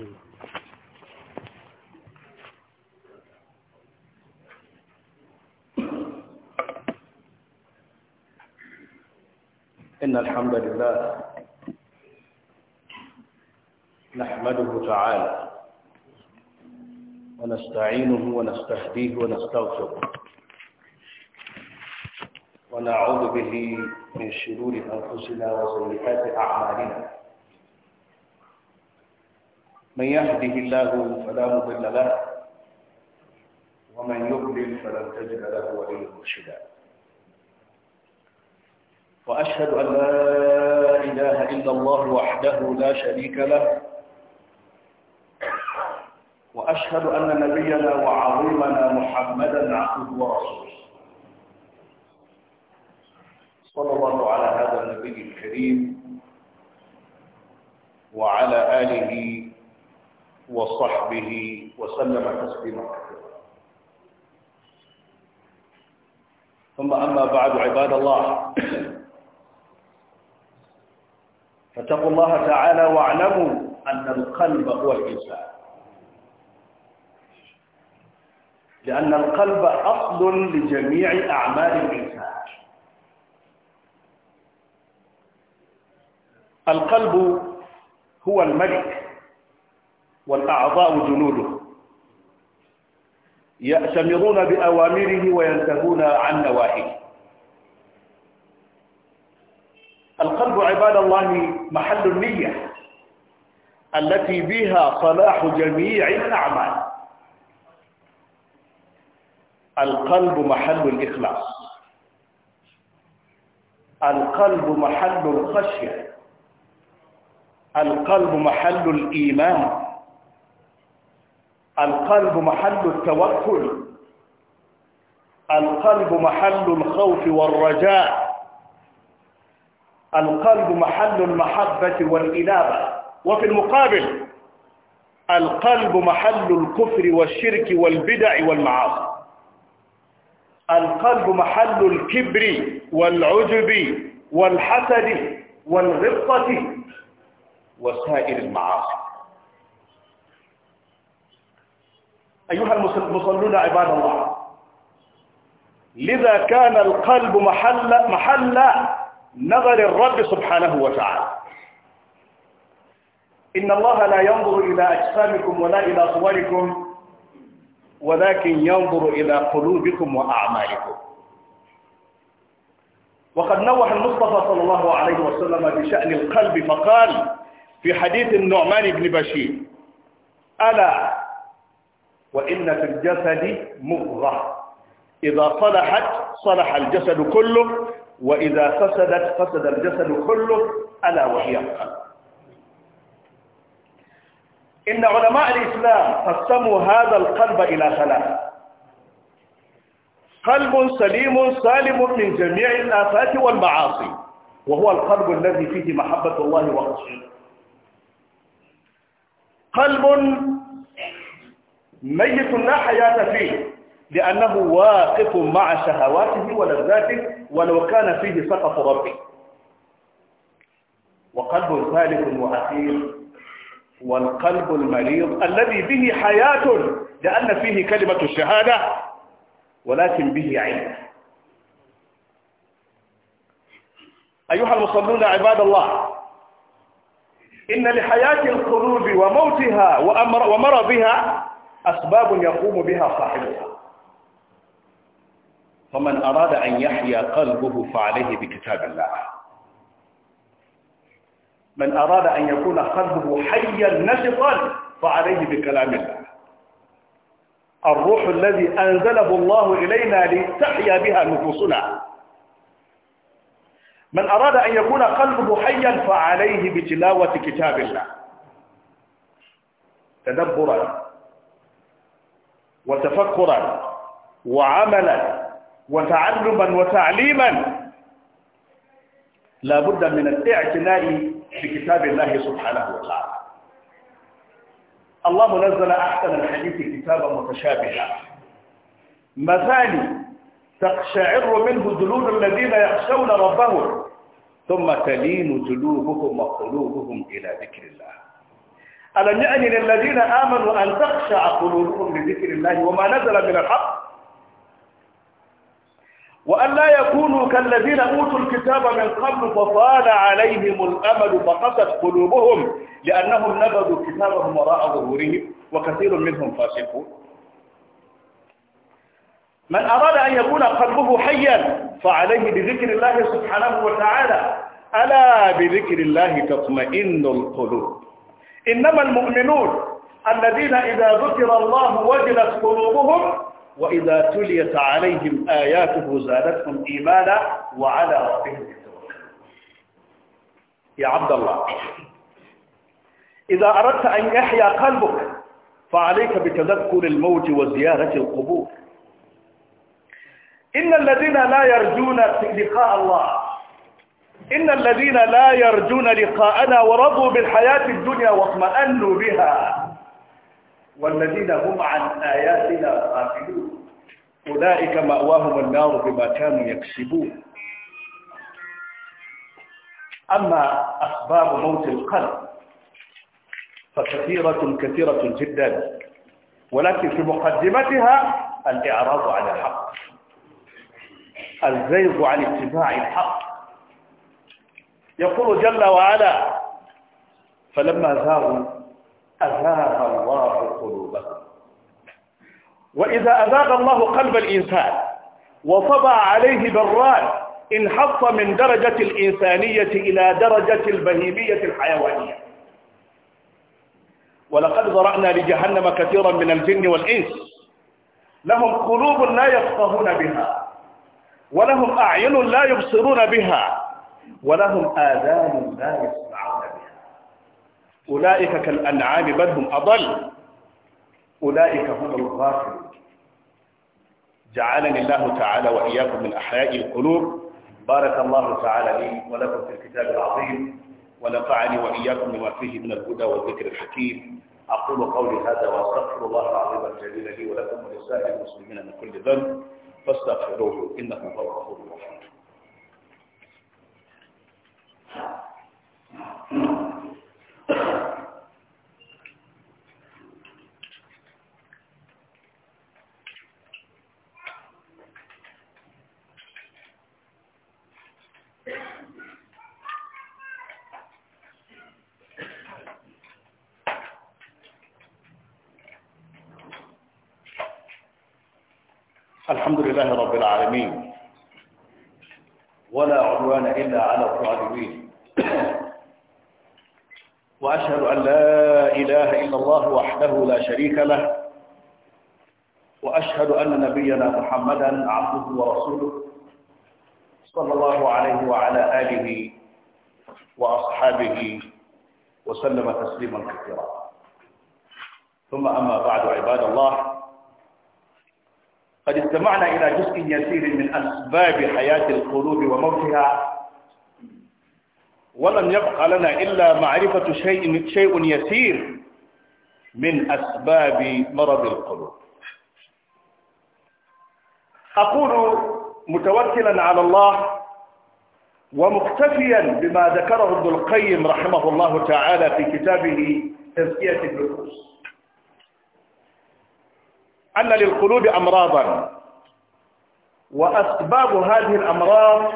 إن الحمد لله نحمده تعالى ونستعينه ونستهديه ونستغفره ونعوذ به من شرور أنفسنا وسيئات أعمالنا من يهده الله فلا مضل له ومن يضلل فلن تجد له وليا مرشدا واشهد ان لا اله الا الله وحده لا شريك له واشهد ان نبينا وعظيمنا محمدا عبده ورسوله وصحبه وسلم تسليما كثيرا ثم أما بعد عباد الله فاتقوا الله تعالى واعلموا أن القلب هو الإنسان لأن القلب أصل لجميع أعمال الإنسان القلب هو الملك والأعضاء جنوده يأتمرون بأوامره وينتهون عن نواهيه القلب عباد الله محل النية التي بها صلاح جميع الأعمال القلب محل الإخلاص القلب محل الخشية القلب محل الإيمان القلب محل التوكل القلب محل الخوف والرجاء القلب محل المحبة والإنابة وفي المقابل القلب محل الكفر والشرك والبدع والمعاصي القلب محل الكبر والعجب والحسد والغبطة وسائر المعاصي أيها المصلون عباد الله لذا كان القلب محل, محل نظر الرب سبحانه وتعالى إن الله لا ينظر إلى أجسامكم ولا إلى صوركم ولكن ينظر إلى قلوبكم وأعمالكم وقد نوح المصطفى صلى الله عليه وسلم بشأن القلب فقال في حديث النعمان بن بشير ألا وإن في الجسد مضغة إذا صلحت صلح الجسد كله وإذا فسدت فسد الجسد كله ألا وهي القلب إن علماء الإسلام قسموا هذا القلب إلى ثلاث قلب سليم سالم من جميع الآفات والمعاصي وهو القلب الذي فيه محبة الله ورسوله قلب ميت لا حياة فيه لأنه واقف مع شهواته ولذاته ولو كان فيه سقط ربه وقلب ثالث وأخير والقلب المريض الذي به حياة لأن فيه كلمة الشهادة ولكن به عين أيها المصلون عباد الله إن لحياة القلوب وموتها ومرضها أسباب يقوم بها صاحبها فمن أراد أن يحيا قلبه فعليه بكتاب الله من أراد أن يكون قلبه حيا نشطا فعليه بكلام الله الروح الذي أنزله الله إلينا لتحيا بها نفوسنا من أراد أن يكون قلبه حيا فعليه بتلاوة كتاب الله تدبرا وتفكرا وعملا وتعلما وتعليما لا بد من الاعتناء بكتاب الله سبحانه وتعالى الله نزل أحسن الحديث كتابا متشابها مثالي تقشعر منه جلود الذين يخشون ربهم ثم تلين جلوبهم وقلوبهم إلى ذكر الله ألم يأن للذين آمنوا أن تخشع قلوبهم لذكر الله وما نزل من الحق وأن لا يكونوا كالذين أوتوا الكتاب من قبل فطال عليهم الأمل فقست قلوبهم لأنهم نبذوا كتابهم وراء ظهورهم وكثير منهم فاسقون من أراد أن يكون قلبه حيا فعليه بذكر الله سبحانه وتعالى ألا بذكر الله تطمئن القلوب إنما المؤمنون الذين إذا ذكر الله وجلت قلوبهم وإذا تليت عليهم آياته زادتهم إيمانا وعلى ربهم يا عبد الله إذا أردت أن يحيا قلبك فعليك بتذكر الموت وزيارة القبور إن الذين لا يرجون لقاء الله إن الذين لا يرجون لقاءنا ورضوا بالحياة الدنيا واطمأنوا بها والذين هم عن آياتنا غافلون أولئك مأواهم النار بما كانوا يكسبون أما أسباب موت القلب فكثيرة كثيرة جدا ولكن في مقدمتها الإعراض عن الحق الزيغ عن اتباع الحق يقول جل وعلا فلما زاغوا أزاغ الله قلوبهم وإذا أزاغ الله قلب الإنسان وطبع عليه براد انحط من درجة الإنسانية إلى درجة البهيمية الحيوانية ولقد ذرأنا لجهنم كثيرا من الجن والإنس لهم قلوب لا يفقهون بها ولهم أعين لا يبصرون بها ولهم آذان لا يسمعون بها أولئك كالأنعام بل هم أضل أولئك هم الغافلون جعلني الله تعالى وإياكم من أحياء القلوب بارك الله تعالى لي ولكم في الكتاب العظيم ونفعني وإياكم لما فيه من الهدى والذكر الحكيم أقول قولي هذا وأستغفر الله العظيم الجليل لي ولكم ولسائر المسلمين من كل ذنب فاستغفروه إنه هو الغفور الرحيم الحمد لله رب العالمين ولا عدوان إلا على الظالمين وأشهد أن لا إله إلا الله وحده لا شريك له وأشهد أن نبينا محمدا عبده ورسوله صلى الله عليه وعلى آله وأصحابه وسلم تسليما كثيرا ثم أما بعد عباد الله قد استمعنا إلى جزء يسير من أسباب حياة القلوب وموتها ولم يبق لنا إلا معرفة شيء, شيء يسير من أسباب مرض القلوب أقول متوكلا على الله ومكتفيا بما ذكره ابن القيم رحمه الله تعالى في كتابه تزكية النفوس أن للقلوب أمراضا وأسباب هذه الأمراض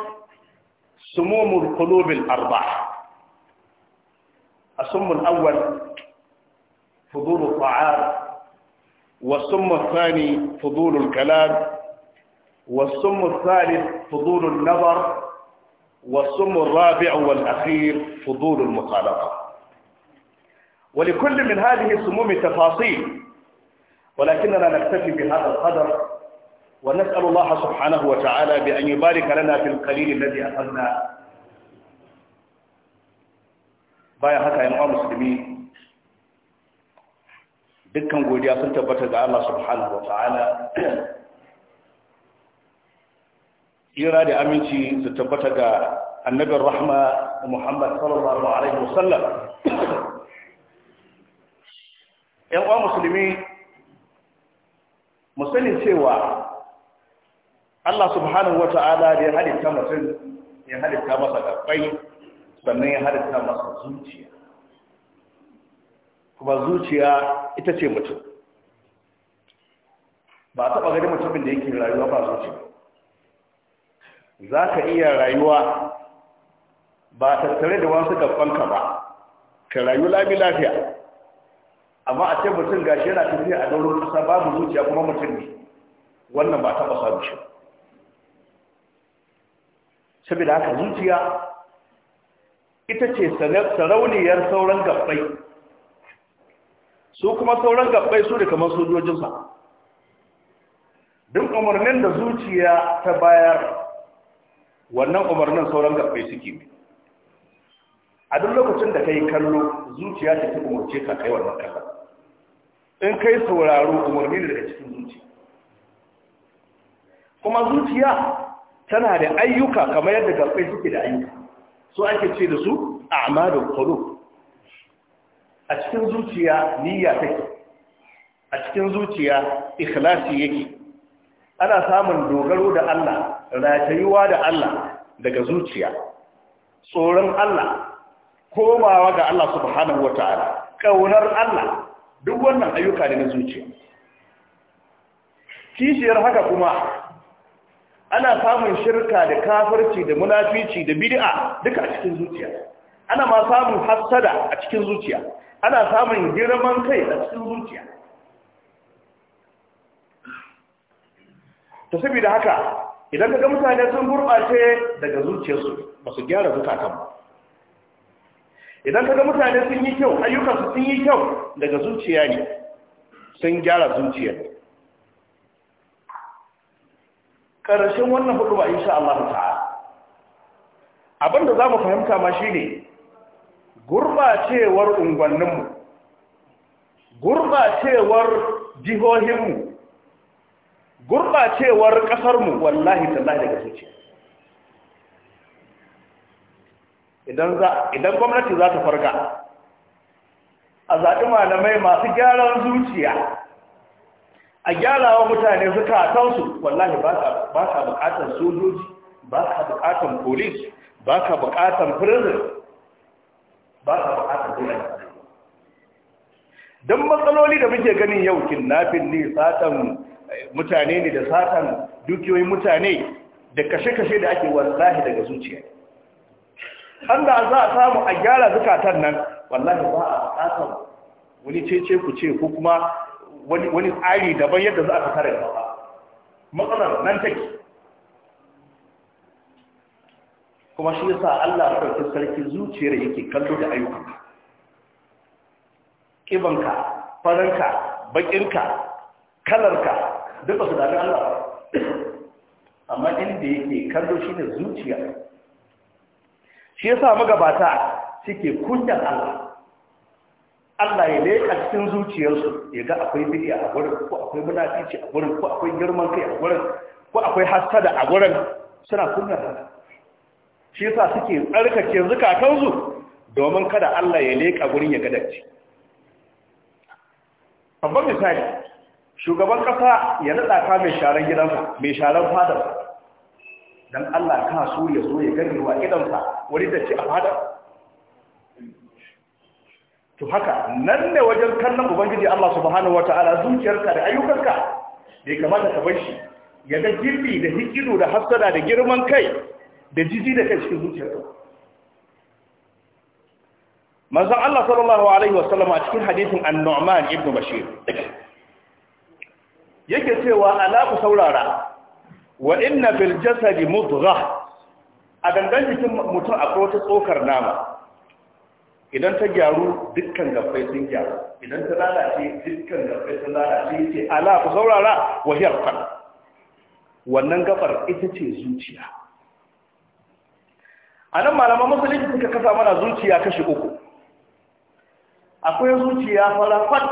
سموم القلوب الأربعة السم الأول فضول الطعام والسم الثاني فضول الكلام والسم الثالث فضول النظر والسم الرابع والأخير فضول المخالطة ولكل من هذه السموم تفاصيل ولكننا نكتفي بهذا القدر ونسأل الله سبحانه وتعالى بأن يبارك لنا في القليل الذي أخذنا بايا هكا يا مسلمين dukkan godiya sun tabbata ga Allah subhanahu wa ta'ala ira da aminci su tabbata ga annabin rahma Muhammad sallallahu alaihi wasallam ƴan uwa musulmi musulmi cewa Allah subhanahu wata'ala da ya halitta mutum ya halitta masa gabbai sannan ya halitta masa zuciya kuma zuciya ita ce mutum ba a taɓa gani mutumin da yake rayuwa ba zuciya za ka iya rayuwa ba tattare da wasu gabbanka ba ka rayu lami lafiya amma a ce mutum gashi yana tafiya a daurin ƙasa babu zuciya kuma mutum ne wannan ba taɓa samu shi ba saboda haka zuciya ita ce sarauniyar sauran gabbai su kuma sauran gabbai su da kamar sojojinsa duk umarnin da zuciya ta bayar wannan umarnin sauran gabbai suke ne a duk lokacin da ka yi kallo zuciya ta fi umarce ka kai wannan kallon in kai sauraro umarni daga cikin zuciya kuma zuciya tana da ayyuka kamar yadda gabbai suke da ayyuka so ake ce da su a'malul qulub a cikin zuciya niyya take a cikin zuciya ikhlasi yake ana samun dogaro da Allah ratayuwa da Allah daga zuciya tsoron Allah komawa ga Allah subhanahu wataala kaunar Allah duk wannan ayyuka ne na zuciya kishiyar haka kuma ana samun shirka da kafirci da munafici da bid'a duka a cikin zuciya ana ma samun hasada a cikin zuciya ana samun girman kai a cikin zuciya to saboda haka idan ka ga mutane sun gurɓace daga zuciyarsu ba su gyara zukatan ba idan ka ga mutane sun yi kyau ayyukansu sun yi kyau daga zuciya ne sun gyara zuciyarsu ƙarshen wannan hudu ba insha Allah ta'ala da za mu fahimta ma shi ne gurbacewar unguwanninmu gurbacewar jihohinmu gurbacewar ƙasarmu wallahi tallahi daga zuciya idan gwamnati za ta farga a zaɗi malamai masu gyaran zuciya a gyarawa mutane zukatansu wallahi ba ka bukatar sojoji ba ka bukatar police ba ka bukatar prison ba ka bukatar prison don matsaloli da muke ganin yau kin nafin ne satan eh, mutane ne da satan dukiyoyin mutane da kashe-kashe da ake wallahi daga zuciya an da za a samu a gyara zukatan nan wallahi ba a bukatar wani cece ku ce ko kuma wani tsari daban yadda za a fitar da ba matsalar nan take kuma shi yasa Allah farkin sarki zuciyar yake kallo da ka. kibanka faranka bakinka kalarka duka su dami Allah amma inda yake kallo shi ne zuciya shi yasa magabata suke kunyan Allah Allah ya leƙa cikin zuciyarsu ya ga akwai bidi a gurin ko akwai munafici a gurin ko akwai girman kai a gurin ko akwai hasada a gurin suna kunyar haka shi yasa suke tsarkake zukatansu domin kada Allah ya leƙa gurin ya gadacce babban misali shugaban ƙasa ya nada ka mai sharan gidansa mai sharan fadar don Allah ka so ya zo ya gani wa gidansa wani da ci a fadar to haka nan ne wajen kallon ubangiji Allah subhanahu wataala zuciyarka da ayyukanka da ya kamata ka bar shi ya ga girbi da hikiru da hasada da girman kai da jiji da kai cikin zuciyarka manzon Allah sallallahu alaihi wasallam a cikin hadisin an-Nu'man ibn Bashir yake cewa ala ku saurara wa inna fil jasadi mudghah a gangan jikin mutum akwai wata tsokar nama idan ta gyaru dukkan gabbai sun gyaru idan ta lalace dukkan gabbai sun lalace ce ala ku saurara hiyar kan wannan gabar ita ce zuciya a nan malaman musulunci suka kasa mana zuciya kashi uku akwai zuciya falafat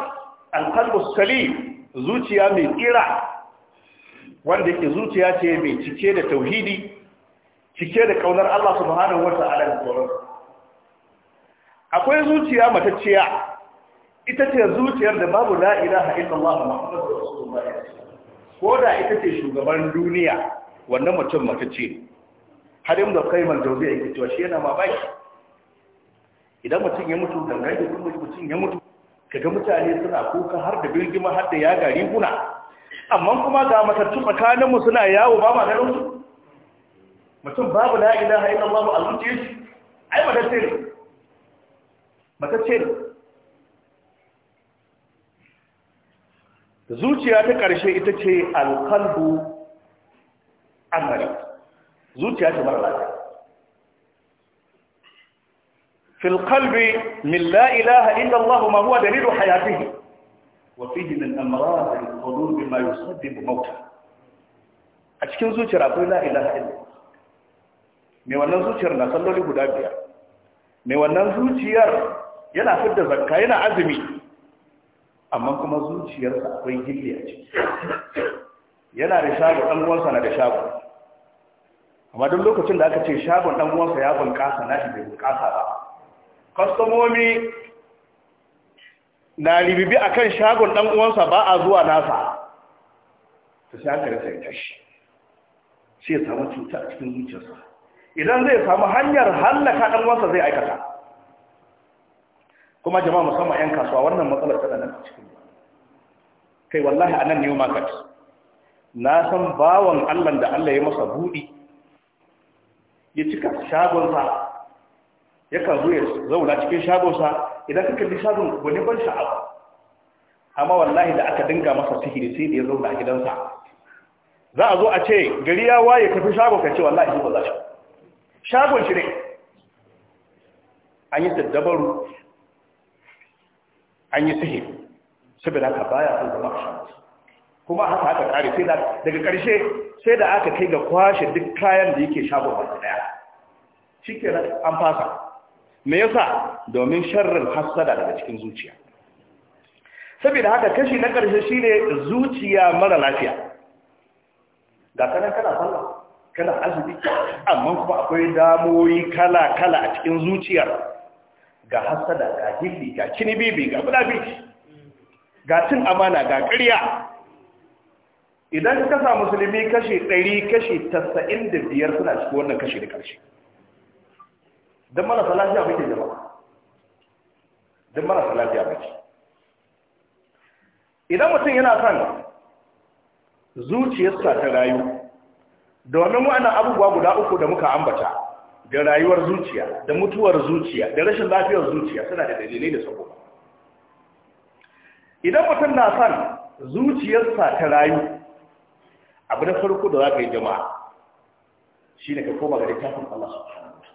alkalbu kali zuciya mai kira wanda yake zuciya ce mai cike da tauhidi cike da kaunar Allah subhanahu wa ta'ala da tsoron akwai zuciya matacciya ita ce zuciyar da babu la ilaha illallah muhammadu rasulullah ko da ita ce shugaban duniya wannan mutum matacce har yin da kaimar jauzi yake cewa shi yana mamaki idan mutum ya mutu dangane da kuma mutum ya mutu kaga mutane suna kuka har da bilgima har da yaga riguna amma kuma ga matattun tsakaninmu suna yawo ba ma garin mutum babu la ilaha illallah a zuciyar ai matacce ce ne zuciya ta ƙarshe ita ce alƙalbu amari, zuciya ce mara lafiya في القلب من لا إله إلا الله ما هو دليل حياته وفيه من أمراض القلوب ما يسبب موته أتكين زوجر أقول لا إله إلا الله mai wannan zuciyar na salloli guda biyar mai wannan zuciyar yana fidda zakka yana azumi amma kuma zuciyarsa akwai gilli a ciki yana da shago ɗan uwansa na da shago amma duk lokacin da aka ce shagon ɗan uwansa ya bunƙasa na shi bai bunƙasa ba kwastomomi na ribibi a kan shagon ɗan uwansa ba a zuwa nasa ta sai aka rasa ita shi sai ya samu cuta a cikin zuciyarsa idan zai samu hanyar hallaka ɗan uwansa zai aikata kuma jama'a musamman 'yan kasuwa wannan matsalar tana nan cikin kai wallahi a nan new market na san bawan allah da allah ya masa buɗi ya cika shagonsa ya kan zo ya zauna cikin shagonsa idan ka bi shagon wani ban sha'awa amma wallahi da aka dinga masa sihiri sai da ya zauna a gidansa za a zo a ce gari ya waye tafi shagon ka ce wallahi ba za shi shagon shi ne an yi daddabaru an yi sihiri saboda haka baya son zama a shamsu kuma haka haka kare sai daga karshe sai da aka kai ga kwashe duk kayan da yake shagon wata daya shi an fasa me yasa domin sharrin hassada daga cikin zuciya saboda haka kashi na karshe shine zuciya mara lafiya ga kanan kana sallah kana azumi amma kuma akwai damoyi kala kala a cikin zuciyar ga hasada ga hilli ga kinibibi ga budabici ga cin amana ga ƙarya idan ka sa musulmi kashi 100 kashi 95 suna cikin wannan kashi da ƙarshe don marasa lafiya muke jama'a don marasa lafiya muke idan mutum yana son zuciyarsa ta rayu domin wa'annan abubuwa guda uku da muka ambata da rayuwar zuciya da mutuwar zuciya da rashin lafiyar zuciya suna da dalilai da sabo idan mutum na son zuciyarsa ta rayu abu na farko da za ka yi jama'a shi ne ka koma ga littafin Allah subhanahu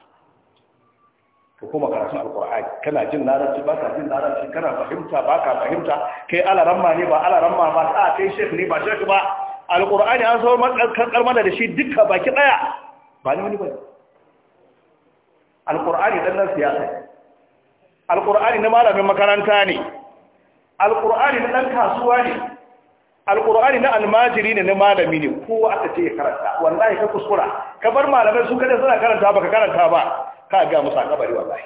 ka koma karatun alkur'ani kana jin larabci ba ka jin larabci kana fahimta ba ka fahimta kai alaramma ne ba alaramma ba ta kai shekh ne ba shek ba alkur'ani an zo karkar mana da shi duka baki daya ba ne wani ne alkur'ani dan nan siyasa ne alkur'ani na malamin makaranta ne alkur'ani na dan kasuwa ne alkur'ani na almajiri ne na malami ne kowa aka ce ya karanta wallahi ka kuskura ka bar malamai su kada suna karanta baka karanta ba ka ga musa kabari wallahi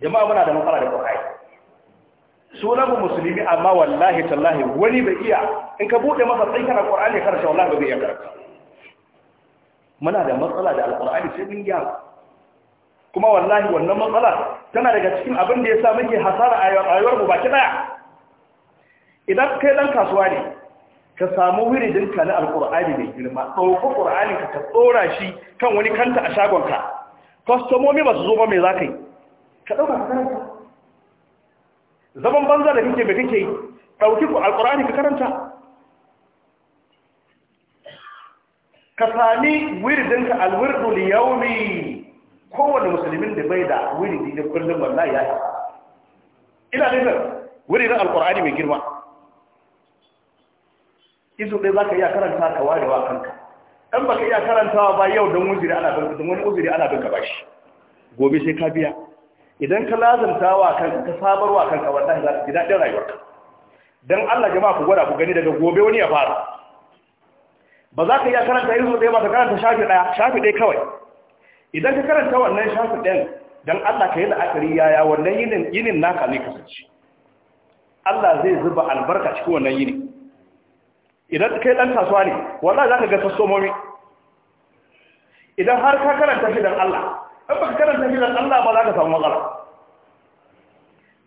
jama'a muna da matsala da qur'ani sunan mu musulmi amma wallahi tallahi wani bai iya in ka bude masa tsayin kana qur'ani karanta wallahi bai iya karanta muna da matsala da Alƙur'ani sai mun gyara kuma wallahi wannan matsala tana daga cikin abin da ya sa muke hasara a rayuwar mu baki daya idan kai dan kasuwa ne ka samu wiridin ka na Alƙur'ani mai girma ɗauko qur'ani ka tsora shi kan wani kanta a shagon ka kwastomomi ba su zo ba mai zakai ka dauka ka karanta zaman banza da kake mai kake dauki Alƙur'ani ka karanta ka sami wiridinka alwirdu liyaumi kowane musulmin da bai da wiridi na kullum wallahi ya yi ina ne nufin wiridin alkur'ani mai girma izu ɗaya za ka iya karanta ka warewa kanka ɗan baka iya karantawa ba yau don wuziri ana bin don wani wuziri ana bin ka bashi gobe sai ka biya idan ka lazanta wa kanka ka sabarwa kanka wallahi za ka ji daɗin rayuwarka dan Allah jama'a ku gwada ku gani daga gobe wani ya fara ba za ka iya karanta izo ya ba ka karanta shafi ɗaya shafi ɗaya kawai idan ka karanta wannan shafi ɗayan don allah ka yi la'akari yaya wannan yinin naka ne kasance allah zai zuba albarka cikin wannan yini idan ka yi ɗan kasuwa ne wallah za ka ga kastomomi idan har ka karanta shi don allah in ba ka karanta shi don allah ba za ka samu matsala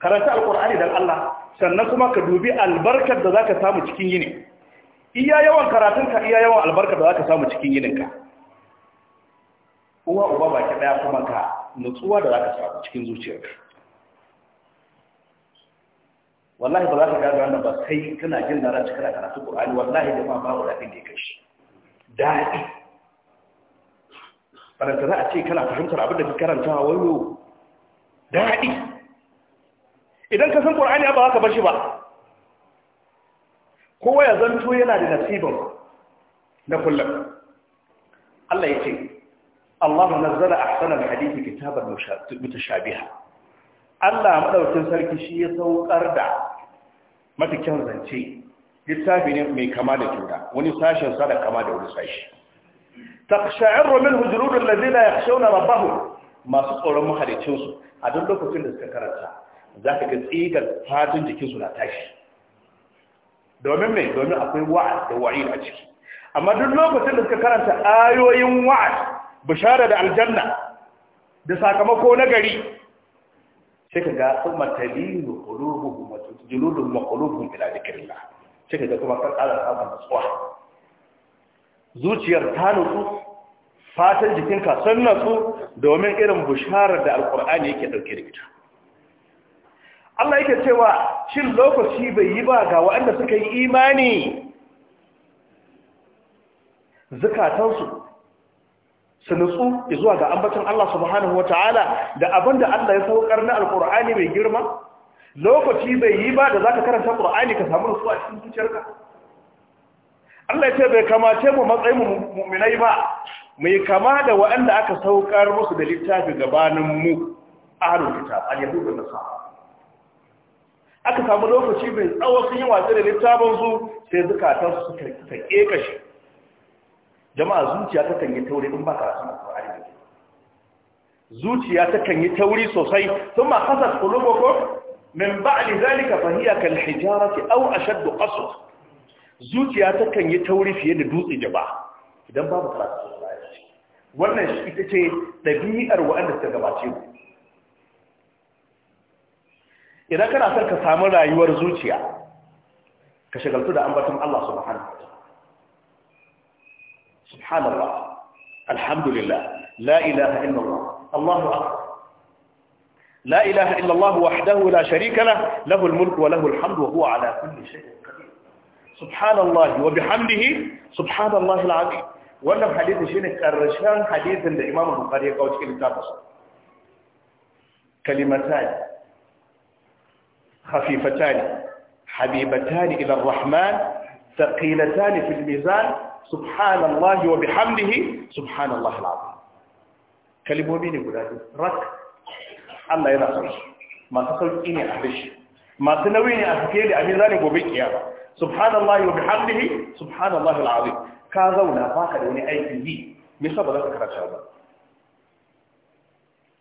karanta alkur'ani don allah sannan kuma ka dubi albarkar da za ka samu cikin yini iya yawan karatunka iya yawan albarka da za ka samu cikin yininka uwa uba ba ki daya kuma ka nutsuwa da za ka samu cikin zuciyarka wallahi ba za ka gano wannan ba sai kana jin da ranci kana karatu Qur'ani wallahi da ma babu daɗin da ya kai shi daɗi faranta za a ce kana fahimtar abin da ka karanta wayo daɗi idan ka san Qur'ani ba za ka bar shi ba kowa ya zanto yana da nasibin na kullum Allah ya ce Allah nazzala ahsanal hadisi kitaban mutashabiha Allah madaukin sarki shi ya saukar da mafi zance littafi ne mai kama da juna wani sashen sa da kama da wani sashi taqsha'irru minhu juludul ladina yakhshawna rabbahum masu tsoron mahalicinsu a duk lokacin da suka karanta za ga tsigar fatun jikinsu na tashi domin mai domin akwai wa'ad da wa'id a ciki amma duk lokacin da suka karanta ayoyin wa'ad bishara da aljanna da sakamako na gari sai ka ga kuma da qulubuhum wa tujlulul maqlubuhum ila dhikrillah sai ka ga kuma kan tsara samun nutsuwa zuciyar ta nutsu fatan jikinka sun nutsu domin irin bishara da Alkur'ani yake dauke da ita Allah yake cewa shin lokaci bai yi ba ga waɗanda suka yi imani zukatansu su nutsu zuwa ga ambacin Allah subhanahu wata'ala da abinda Allah ya saukar na alkur'ani mai girma lokaci bai yi ba da ka karanta qur'ani ka samu nutsuwa a cikin zuciyarka Allah ya ce bai kamace mu matsayin mu'minai ba mai kama da waɗanda aka saukar musu da littafi gabaninmu mu ahlul kitab al-yahud wa nasara aka samu lokaci mai tsawon sun yi watsi da littafin su sai zukatan su suka keka shi jama'a zuciya ta kan yi tauri in ba karatun alkur'ani ne zuciya ta kan yi tauri sosai sun ma kasar kulubukum min ba'li zalika fa hiya kal hijarati aw ashaddu qaswa zuciya ta kan yi tauri fiye da dutse da ba, idan babu karatun alkur'ani wannan ita ce ɗabi'ar waɗanda suka gabace mu idan kana son ka samu rayuwar zuciya ka shagaltu da ambaton Allah subhanahu wa ta'ala subhanallah alhamdulillah la ilaha illallah Allahu akbar لا إله إلا الله وحده لا شريك له mulku wa وله الحمد وهو على كل شيء قدير سبحان الله وبحمده سبحان الله العظيم wannan hadisi shine karshen hadisin da Imam Bukhari ya kawo cikin littafinsa kalimatan خفيفتان حبيبتان إلى الرحمن ثقيلتان في الميزان سبحان الله وبحمده سبحان الله العظيم كلمة مين يقول هذا رك الله إذا ما تقول إني أحبش ما تنويني احكي لي أفكيلي أميزان يقول يا سبحان الله وبحمده سبحان الله العظيم كاظونا فاكر وني أي في من مش هذا ذكر الله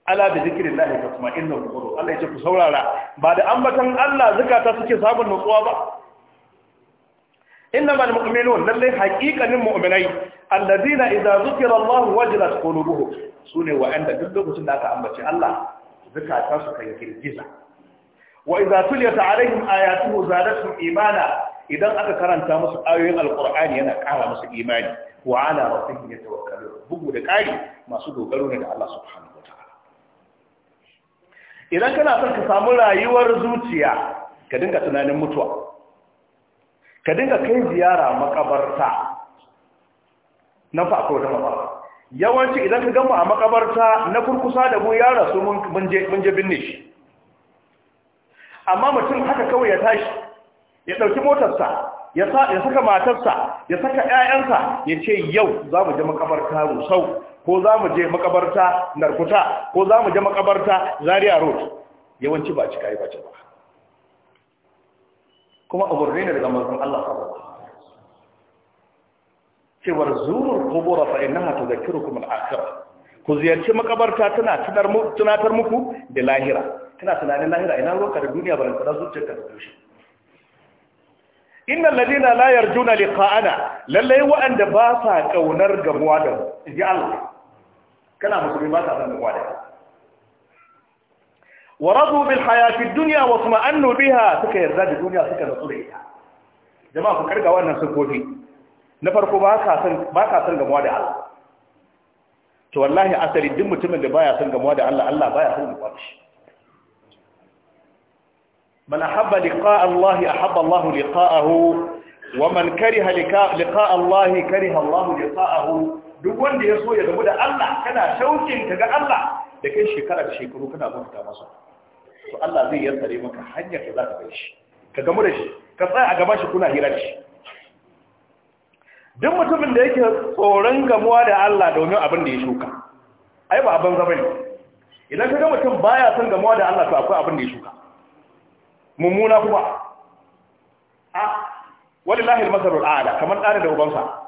ala bi zikrillah ta kuma inna qulub Allah ce ku saurara ba da ambatan Allah zukata suke samun nutsuwa ba innamal mu'minun lallai haqiqanin mu'minai alladhina idza zukira Allah wajilat qulubuhum sune wa'anda duk lokacin da aka ambace Allah zakata su kan girgiza wa idza tuliyat alaihim ayatuhu zadatuhum imana idan aka karanta musu ayoyin alqur'ani yana ƙara musu imani wa ala rabbihim yatawakkalun bugu da ƙari masu dogaro ne da Allah subhanahu idan kana son ka samu rayuwar zuciya ka dinga tunanin mutuwa ka dinga kai ziyara makabarta na fako da maba yawanci idan ka gama a makabarta na kurkusa da mu ya rasu mun je binne shi amma mutum haka kawai ya tashi ya ɗauki motarsa ya saka matarsa ya saka 'ya'yansa ya ce yau za mu je makabarta sau ko za mu je makabarta narkuta ko za mu je makabarta zaria road yawanci ba cika yi bace ba kuma umurni ne daga mazan Allah sallallahu cewar zuwar kubura fa'in na hatu da kiru kuma akhirah ku ziyarci makabarta tana tunatar muku da lahira tana tunanin lahira ina ruwanka da duniya ba rantsara zuciyarka da tushe inna ladina la yarjuna liqa'ana lallai wa'anda ba sa kaunar gamuwa da ji Allah kana musulmi ba ta san da kwada wa radu bil hayati dunya wa tuma'annu biha suka yarda da duniya suka nutsu da ita jama'a ku karga wannan sukofi na farko ba ka san ba ka san gamuwa da Allah to wallahi asali duk mutumin da baya san gamuwa da Allah Allah baya san gamuwa da shi man ahabba liqa Allah ahabba Allah liqa'ahu wa man kariha liqa Allah kariha Allah liqa'ahu duk wanda ya so ya gamu da Allah kana shaukin ka ga Allah da kai shekara da shekaru kana bauta masa to Allah zai yassare maka hanyar da za bi shi ka gamu da shi ka tsaya a gaban shi kuna hira da shi duk mutumin da yake tsoron gamuwa da Allah domin abin da ya shuka ai ba abin zaman ne idan ka ga mutum baya son gamuwa da Allah to akwai abin da ya shuka mummuna kuma a ah, wallahi al-masarul a'la kamar tsare da ubansa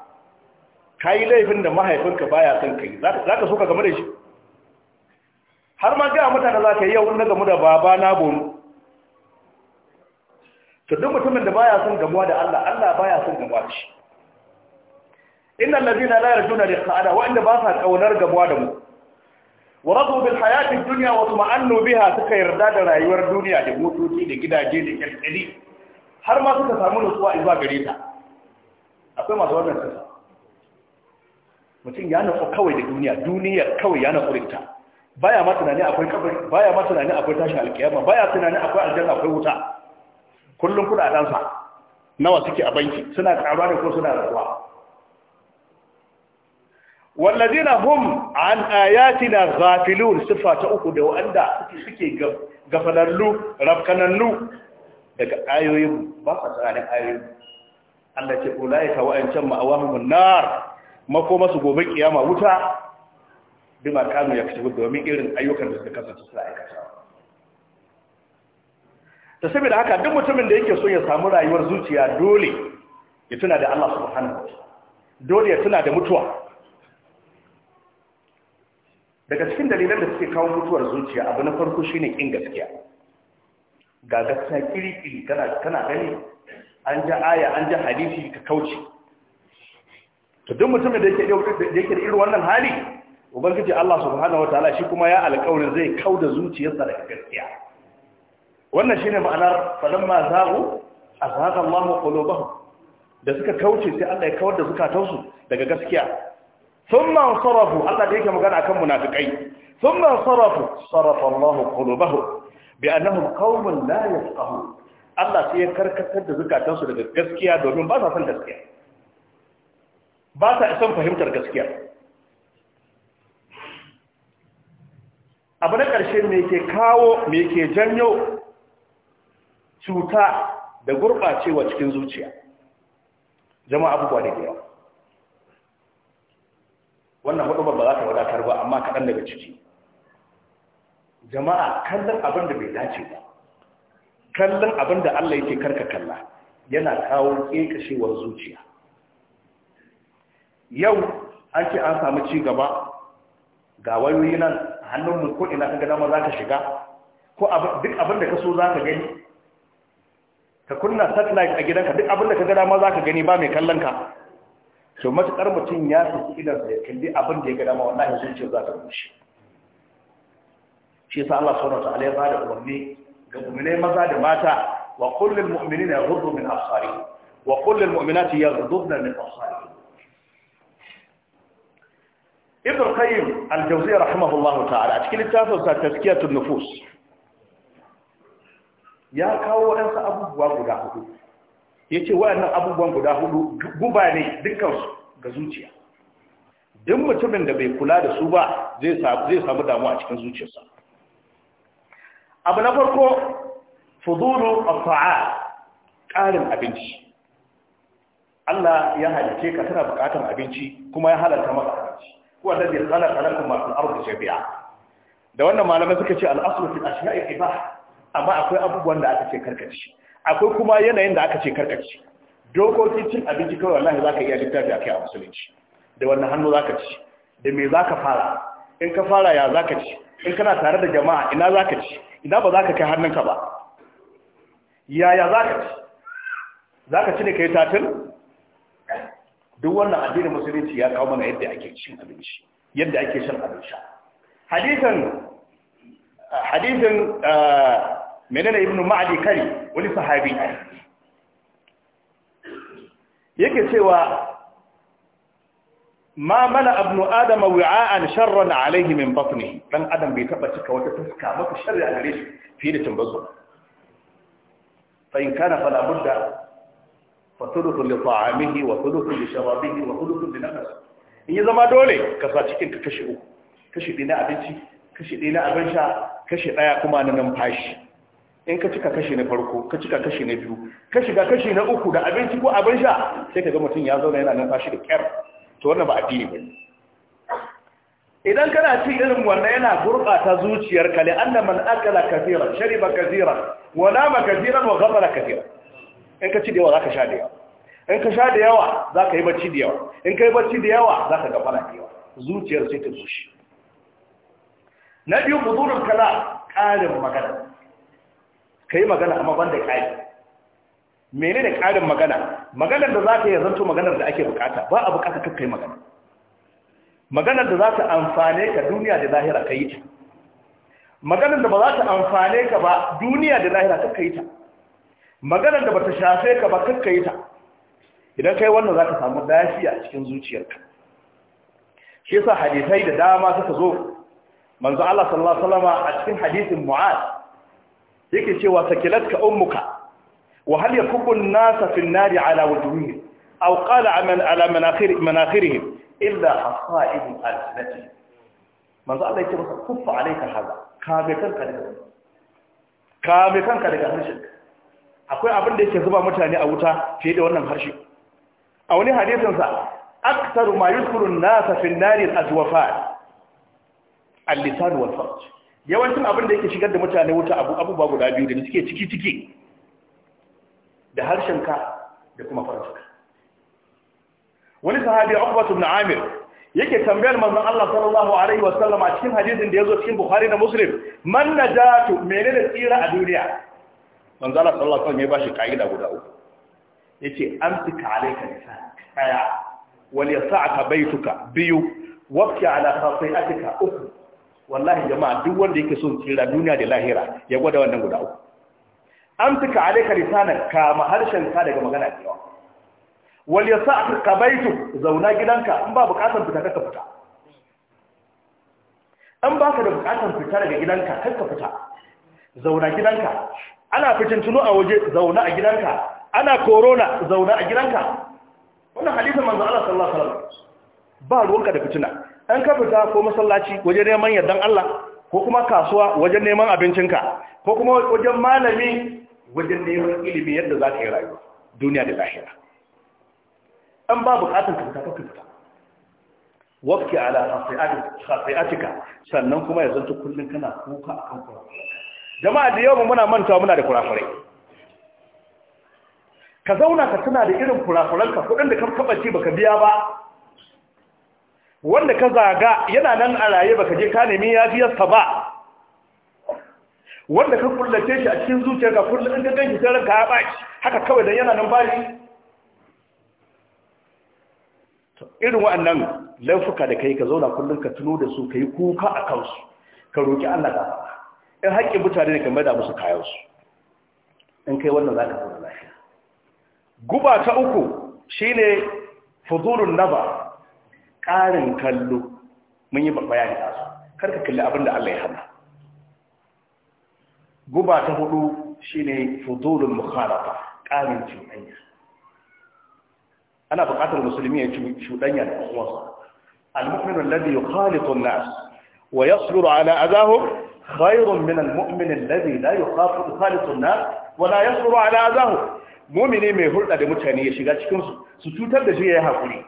ka yi laifin da mahaifinka baya son kai za ka so ka game da shi har ma ga mutane za ka yi yau na gamu da baba na bonu to duk mutumin da baya son gamuwa da Allah Allah baya son gamuwa da shi innal ladina la yarjuna da wa inda ba sa kaunar gamuwa da mu wa radu bil hayati dunya wa tuma'annu biha suka yarda da rayuwar duniya da motoci da gidaje da kyalkyali har ma suka samu nutsuwa zuwa gare ta akwai masu wannan kasa mutum ya nutsu kawai da duniya duniyar kawai ya nutsu ta baya ma tunani akwai kabari baya ma tunani akwai tashin alkiyama baya tunani akwai aljanna akwai wuta kullum kudadansa nawa suke a banki suna karuwa ne ko suna raguwa wallazina hum an ayatina ghafilun sifa ta uku da wanda suke gafalallu rafkanannu daga ayoyin ba sa tsananin ayoyin Allah ce ulaika wa'ancan mu nar Mako masu gobe kiyama wuta bima kanu ya kashe domin irin ayyukan da suka kasance suna aikata ta saboda haka duk mutumin da yake so ya samu rayuwar zuciya dole ya tuna da Allah subhanahu wa dole ya tuna da mutuwa daga cikin dalilan da suke kawo mutuwar zuciya abu na farko shine kin gaskiya ga gaskiya kiri-kiri kana gani an ja aya an ja hadisi ka kauce to duk mutumin da yake da yake da irin wannan hali ubangiji Allah subhanahu wataala shi kuma ya alƙawarin zai kauda zuciyarsa daga gaskiya wannan shine ma'anar falamma zaqu azhaqa Allahu qulubahum da suka kauce sai Allah ya kawar da zukatansu daga gaskiya thumma sarafu Allah da yake magana akan munafikai thumma sarafu sarafa Allahu qulubahum bi annahum qawmun la yafqahu Allah sai ya karkatar da zukatansu daga gaskiya domin ba sa son gaskiya ba sa isan fahimtar gaskiya abu na ƙarshe me ke kawo me ke janyo cuta da gurɓacewa cikin zuciya jama'a abubuwa da yawa wannan hudu ba za ta wadatar ba amma kaɗan daga ciki jama'a kallon abin da bai dace ba kallon abin da Allah yake karka kalla yana kawo ƙeƙashewar zuciya yau an ce an samu ci gaba ga wayoyi nan hannun mu ko ina ka gada dama za ka shiga ko duk abin da ka so za ka gani ka kunna satellite a gidanka duk abin da ka gada dama za ka gani ba mai kallon ka so matuƙar mutum ya saki idansa ya kalli abin da ya gada ma wallahi sun ce za ka rushe shi sa Allah subhanahu wa ta'ala ya bada umarni ga mu'minai maza da mata wa qul mu'minina yaghuddu min absarihim wa qul mu'minati yaghuddu min absarihim ibn qayyim al-jawziyya rahimahullahu ta'ala a cikin littafin sa tazkiyatun nufus ya kawo waɗansu abubuwa guda hudu yace waɗannan abubuwan guda hudu guba ne dukkan su ga zuciya duk mutumin da bai kula da su ba zai samu damuwa a cikin zuciyarsa abu na farko fudulu afa'a ƙarin abinci Allah ya halice ka tana buƙatar abinci kuma ya halarta maka huwa alladhi khalaqa lakum ma fil ardi jami'a da wannan malamai suka ce al-aslu fil ashya'i ibah amma akwai abubuwan da aka ce karkace akwai kuma yanayin da aka ce karkace dokoki cin abinci kawai wallahi zaka iya littafi akai a musulunci da wannan hannu zaka ci da me zaka fara in ka fara ya zaka ci in kana tare da jama'a ina zaka ci ina ba zaka kai hannunka ba yaya zaka ci zaka ci ne kai tatin duk wannan addinin musulunci ya kawo mana yadda ake cin abinci yadda ake shan abinci Hadisan, hadisan eh, menene ibnu ma'adi kari wani sahabi yake cewa ma mana abnu adam wi'a'an sharran Alayhi min batnihi dan adam bai taba cika wata fuska maka sharri a gare shi fiye da tumbazo fa in kana fala budda fa thuluthu li ta'amihi wa thuluthu li sharabihi wa thuluthu li nafsi in ya zama dole ka sa cikin ka kashi uku kashi ɗaya na abinci kashi ɗaya na abin sha kashi ɗaya kuma na numfashi in ka cika kashi na farko ka cika kashi na biyu ka shiga kashi na uku da abinci ko abin sha sai ka ga mutum ya zauna yana numfashi da kyar to wannan ba addini ba ne idan kana ci irin wannan yana gurɓata zuciyarka li anna man akala kaseeran shariba kaseeran wa nama kathiran wa ghafara kaseeran in ka ci da yawa za ka sha da yawa in ka sha da yawa za ka yi bacci da yawa in ka yi bacci da yawa za ka gafara da yawa zuciyar sai ta bushe na biyu huzurin kala ƙarin magana ka yi magana amma ban da ƙari mene ne ƙarin magana maganar da za ka yi zanto maganar da ake bukata ba a bukata kakka yi magana maganar da za ta amfane ka duniya da lahira ka yi ta maganar da ba za ta amfane ka ba duniya da lahira kakka yi ta maganar da bata shafe ka ba kakka yi ta idan kai wannan za ka samu lafiya cikin zuciyarka shi yasa hadisai da dama suka zo manzo Allah sallallahu alaihi wasallam a cikin hadisin Mu'az yake cewa sakilatka ummuka wa hal yakubbu an-nasa fi an-nari ala wujuhihim aw qala aman ala manakhir manakhirihim illa hasa'id al-sanati manzo Allah yake masa kuffa alayka hada ka be kanka daga ka be kanka daga harshenka akwai abin da yake zuba mutane a wuta fiye da wannan harshe a wani hadisinsa sa aktaru ma yuzkuru nasa fi an-nari al-azwafa al-lisan wal yawancin abin da yake shigar da mutane wuta abu abubuwa guda biyu da suke ciki ciki da harshen ka da kuma farjinka wani sahabi Uqbah ibn Amir yake tambayar manzon Allah sallallahu alaihi wasallam a cikin hadisin da yazo cikin Bukhari da Muslim man najatu menene tsira a duniya manzo Allah sallallahu alaihi wasallam ya bashi kaida guda uku yace amsika alayka lisanak aya wal yasa'ka baituka biyu wabki ala khati'atika uku wallahi jama'a duk wanda yake son tsira duniya da lahira ya gwada wannan guda uku amsika alayka lisanak ka harshen ka daga magana da yawa wal yasa'ka ka baitu zauna gidanka in ba bukatar fita ka fita in ba ka da bukatar fita daga gidanka ka fita zauna gidanka ana fitintunu a waje zauna a gidanka ana korona zauna a gidanka wannan hadisin manzo Allah sallallahu alaihi wasallam ba ruwanka da fitina an ka fita ko masallaci waje neman yardan Allah ko kuma kasuwa wajen neman abincinka ko kuma wajen malami wajen neman ilimi yadda za ka yi rayuwa duniya da lahira an ba bukatun ka fita ka fita wakki ala khasi'atika sannan kuma ya zanto kullun kana kuka akan kuka jama'a da yawan muna mantawa muna da kurakurai ka zauna ka tuna da irin kurakuranka kudin da ka kabace baka biya ba wanda ka zaga yana nan a raye baka je ka nemi yafiyarsa ba wanda ka kullace shi a cikin zuciyarka kullum in ka ganshi sai ranka ya baki haka kawai dan yana nan bari irin waɗannan laifuka da kai ka zauna kullum ka tuno da su kai kuka a kansu ka roki Allah gafara in haƙƙin mutane ne kamar da musu kayansu in kai wannan za ka zauna lafiya guba ta uku shine fuzulun naba ƙarin kallo mun yi bayani a su karka kalli abin da Allah ya hana guba ta hudu shine fuzulun mukhalafa ƙarin cuɗanya ana buƙatar musulmi ya cuɗanya da uwansa al-mu'minu alladhi yukhalitu an-nas wa yasbiru ala adahum khairun min almu'min alladhi la yukhafu khaliqu an-nas wa la yasru ala azahu mu'mini mai hulɗa da mutane ya shiga cikin su su cutar da shi yayi hakuri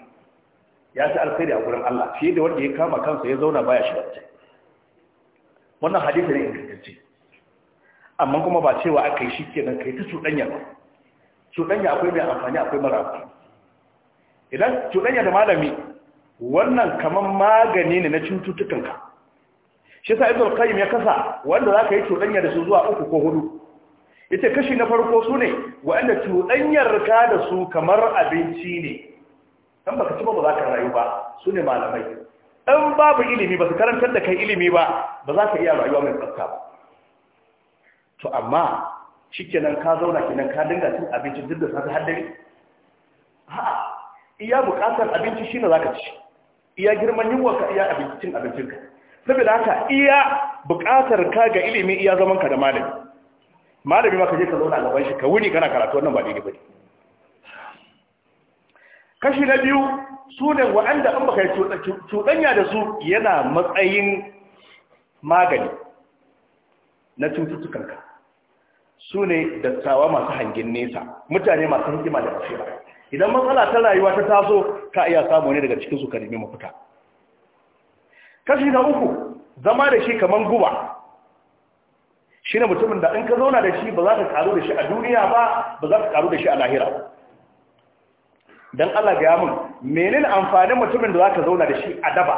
ya ta alkhairi a gurin Allah fiye da wanda ya kama kansa ya zauna baya shiga cikin wannan hadisi ne ingantacce amma kuma ba cewa aka yi shikenan kai ta cuɗanya ba cuɗanya akwai mai amfani akwai mara amfani idan cuɗanya da malami wannan kaman magani ne na cututtukanka shi sa ibn qayyim ya kasa wanda zaka yi tudanya da su zuwa uku ko hudu yace kashi na farko su ne wanda tudanyar ka da su kamar abinci ne dan baka ci ba ba za ka rayu ba su ne malamai dan babu ilimi ba su karantar da kai ilimi ba ba za ka iya rayuwa mai tsafta ba to amma shikenan ka zauna kenan ka dinga cin abinci duk da safi haddare ha iya bukatar abinci shine zaka ci iya girman yunwa ka iya abincin abincinka saboda haka iya buƙatar ka ga ilimi iya zaman ka da malami malami ma ka je ka zauna a gaban shi ka wuni kana karatu wannan ba daidai bane kashi na biyu su ne wa'anda an baka cuɗanya da su yana matsayin magani na ka su ne dattawa masu hangin nesa mutane masu hikima da basira idan matsala ta rayuwa ta taso ka iya samu ne daga cikin su ka nemi mafita kashi na uku zama da shi kamar guba shi ne mutumin da in ka zauna da shi ba za ka karu da shi a duniya ba ba za ka karu da shi a lahira don Allah gaya mun menin amfanin mutumin da za ka zauna da shi a daba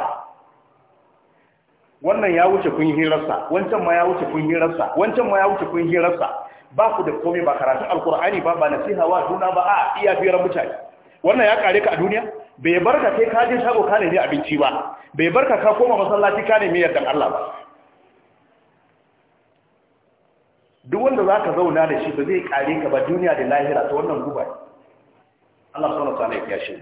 wannan ya wuce kun hirarsa wancan ma ya wuce kun hirarsa wancan ma ya wuce kun hirarsa ba ku da komai ba karatun alkur'ani ba ba nasiha wa juna ba a iya firar mutane wannan ya kare ka a duniya bai barka sai ka je shago ka nemi abinci ba bai barka ka koma masallaci ka nemi yardan Allah ba duk wanda za ka zauna da shi ba zai kare ka ba duniya da lahira ta wannan guba Allah subhanahu wataala ya kiyashe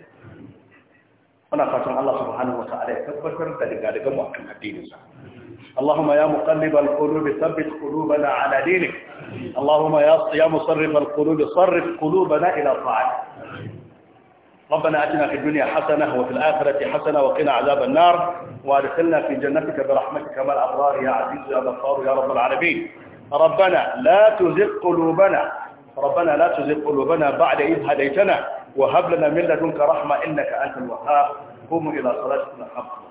muna fatan Allah subhanahu wataala ya tabbatar da daga daga mu akan addinin sa اللهم يا مقلب القلوب ثبت قلوبنا على دينك اللهم يا يا مصرف القلوب صرف قلوبنا الى طاعتك ربنا أتنا في الدنيا حسنة وفي الآخرة حسنة وقنا عذاب النار وادخلنا في جنتك برحمتك مع الأبرار يا عزيز يا غفار يا رب العالمين ربنا لا تزغ قلوبنا ربنا لا تزغ قلوبنا بعد إذ هديتنا وهب لنا من لدنك رحمة إنك أنت الوهاب قوموا إلى صلاتكم الحمد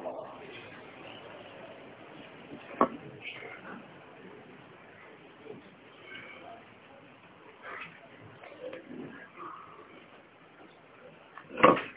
of uh,